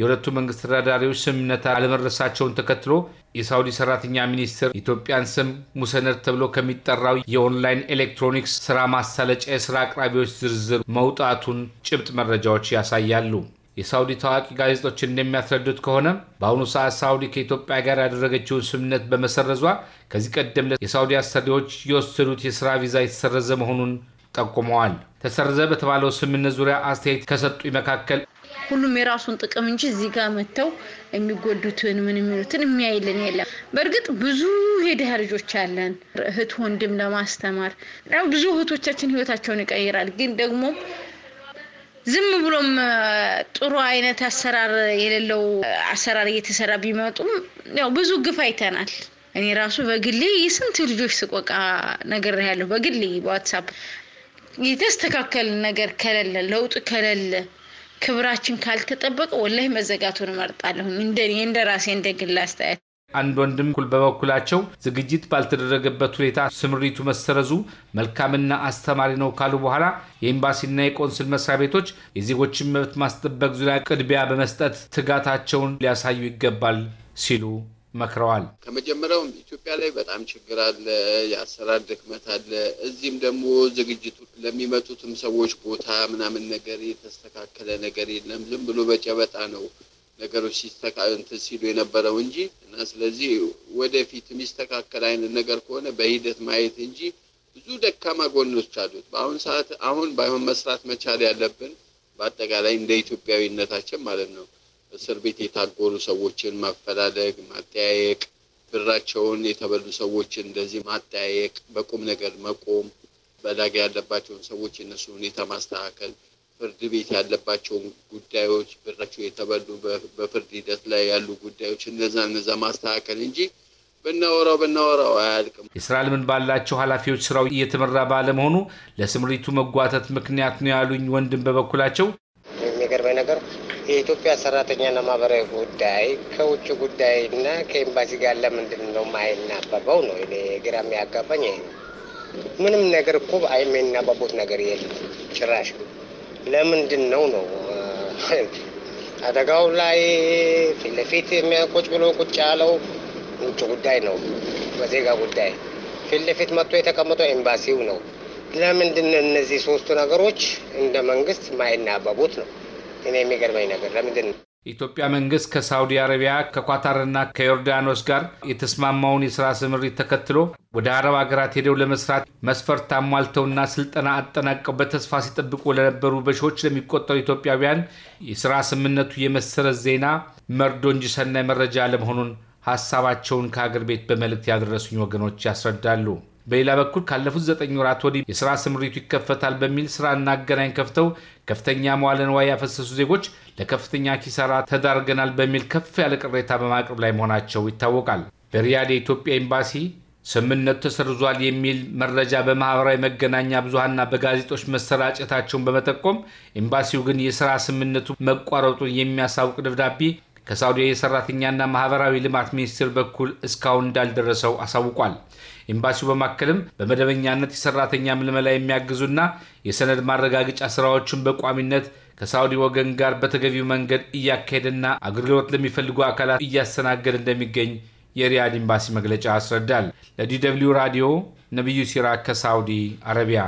የሁለቱ መንግስት ተደራዳሪዎች ስምምነት አለመድረሳቸውን ተከትሎ የሳውዲ ሰራተኛ ሚኒስትር ኢትዮጵያን ስም ሙሰነድ ተብሎ ከሚጠራው የኦንላይን ኤሌክትሮኒክስ ስራ ማሳለጫ የስራ አቅራቢዎች ዝርዝር መውጣቱን ጭብጥ መረጃዎች ያሳያሉ። የሳውዲ ታዋቂ ጋዜጦች እንደሚያስረዱት ከሆነ በአሁኑ ሰዓት ሳውዲ ከኢትዮጵያ ጋር ያደረገችውን ስምምነት በመሰረዟ ከዚህ ቀደም የሳውዲ አሰሪዎች የወሰዱት የስራ ቪዛ የተሰረዘ መሆኑን ጠቁመዋል። ተሰረዘ በተባለው ስምምነት ዙሪያ አስተያየት ከሰጡኝ መካከል ሁሉም የራሱን ጥቅም እንጂ እዚህ ጋር መጥተው የሚጎዱትን ምን የሚሉትን የሚያይልን የለም። በእርግጥ ብዙ የድሃ ልጆች አለን እህት ወንድም ለማስተማር ብዙ እህቶቻችን ህይወታቸውን ይቀይራል። ግን ደግሞ ዝም ብሎም ጥሩ አይነት አሰራር የሌለው አሰራር እየተሰራ ቢመጡም ያው ብዙ ግፍ አይተናል። እኔ ራሱ በግሌ የስንት ልጆች ስቆቃ ነገር ያለሁ በግሌ በዋትሳፕ የተስተካከል ነገር ከሌለ ለውጥ ከሌለ ክብራችን ካልተጠበቀ ወላሂ መዘጋቱን እመርጣለሁ። እንደ ራሴ እንደ ግል አስተያየት። አንድ ወንድም ኩል በበኩላቸው ዝግጅት ባልተደረገበት ሁኔታ ስምሪቱ መሰረዙ መልካምና አስተማሪ ነው ካሉ በኋላ የኤምባሲና የቆንስል መስሪያ ቤቶች የዜጎችን መብት ማስጠበቅ ዙሪያ ቅድሚያ በመስጠት ትጋታቸውን ሊያሳዩ ይገባል ሲሉ መክረዋል። ከመጀመሪያውም ኢትዮጵያ ላይ በጣም ችግር አለ፣ የአሰራር ድክመት አለ። እዚህም ደግሞ ዝግጅቱ ለሚመጡትም ሰዎች ቦታ ምናምን ነገር የተስተካከለ ነገር የለም። ዝም ብሎ በጨበጣ ነው ነገሮች ሲስተካከል ሲሉ የነበረው እንጂ እና ስለዚህ ወደፊት የሚስተካከል አይነት ነገር ከሆነ በሂደት ማየት እንጂ ብዙ ደካማ ጎኖች አሉት። በአሁን ሰዓት አሁን ባይሆን መስራት መቻል ያለብን በአጠቃላይ እንደ ኢትዮጵያዊነታችን ማለት ነው እስር ቤት የታጎሩ ሰዎችን ማፈላለግ፣ ማጠያየቅ፣ ብራቸውን የተበሉ ሰዎችን እንደዚህ ማጠያየቅ፣ በቁም ነገር መቆም፣ በላግ ያለባቸውን ሰዎች የነሱ ሁኔታ ማስተካከል፣ ፍርድ ቤት ያለባቸውን ጉዳዮች ብራቸው የተበሉ በፍርድ ሂደት ላይ ያሉ ጉዳዮች እነዛ እነዛ ማስተካከል እንጂ ብናወራው ብናወራው አያልቅም። የስራ ልምድ ባላቸው ኃላፊዎች ስራው እየተመራ ባለመሆኑ ለስምሪቱ መጓተት ምክንያት ነው ያሉኝ ወንድም በበኩላቸው የኢትዮጵያ ሰራተኛና ማህበራዊ ጉዳይ ከውጭ ጉዳይና ከኤምባሲ ጋር ለምንድን ነው ማይናበበው ነው እኔ ግራ የሚያጋባኝ ይሄ ነው። ምንም ነገር እኮ የሚናበቡት ነገር የለም ጭራሽ። ለምንድን ነው ነው አደጋው ላይ ፊት ለፊት የሚያቆጭ ብሎ ቁጭ ያለው ውጭ ጉዳይ ነው፣ በዜጋ ጉዳይ ፊት ለፊት መጥቶ የተቀመጠው ኤምባሲው ነው። ለምንድን ነው እነዚህ ሶስቱ ነገሮች እንደ መንግስት ማይናበቡት ነው? እኔ የሚገርመኝ ነገር ለምንድን ነው የኢትዮጵያ መንግስት ከሳውዲ አረቢያ ከኳታርና ከዮርዳኖስ ጋር የተስማማውን የስራ ስምሪት ተከትሎ ወደ አረብ ሀገራት ሄደው ለመስራት መስፈርት አሟልተውና ስልጠና አጠናቀው በተስፋ ሲጠብቁ ለነበሩ በሺዎች ለሚቆጠሩ ኢትዮጵያውያን የስራ ስምነቱ የመሰረት ዜና መርዶ እንጂ ሰናይ መረጃ አለመሆኑን ሀሳባቸውን ከአገር ቤት በመልእክት ያደረሱኝ ወገኖች ያስረዳሉ። በሌላ በኩል ካለፉት ዘጠኝ ወራት ወዲህ የስራ ስምሪቱ ይከፈታል በሚል ስራና አገናኝ ከፍተው ከፍተኛ መዋለ ንዋይ ያፈሰሱ ዜጎች ለከፍተኛ ኪሳራ ተዳርገናል በሚል ከፍ ያለ ቅሬታ በማቅረብ ላይ መሆናቸው ይታወቃል። በሪያድ የኢትዮጵያ ኤምባሲ ስምምነቱ ተሰርዟል የሚል መረጃ በማህበራዊ መገናኛ ብዙሀንና በጋዜጦች መሰራጨታቸውን በመጠቆም ኤምባሲው ግን የስራ ስምምነቱ መቋረጡን የሚያሳውቅ ደብዳቤ ከሳውዲያ የሰራተኛና ማህበራዊ ልማት ሚኒስቴር በኩል እስካሁን እንዳልደረሰው አሳውቋል። ኤምባሲው በማከልም በመደበኛነት የሰራተኛ ምልመላ የሚያግዙና የሰነድ ማረጋገጫ ስራዎችን በቋሚነት ከሳውዲ ወገን ጋር በተገቢው መንገድ እያካሄደና አገልግሎት ለሚፈልጉ አካላት እያስተናገደ እንደሚገኝ የሪያድ ኤምባሲ መግለጫ ያስረዳል። ለዲ ራዲዮ ነቢዩ ሲራክ ከሳውዲ አረቢያ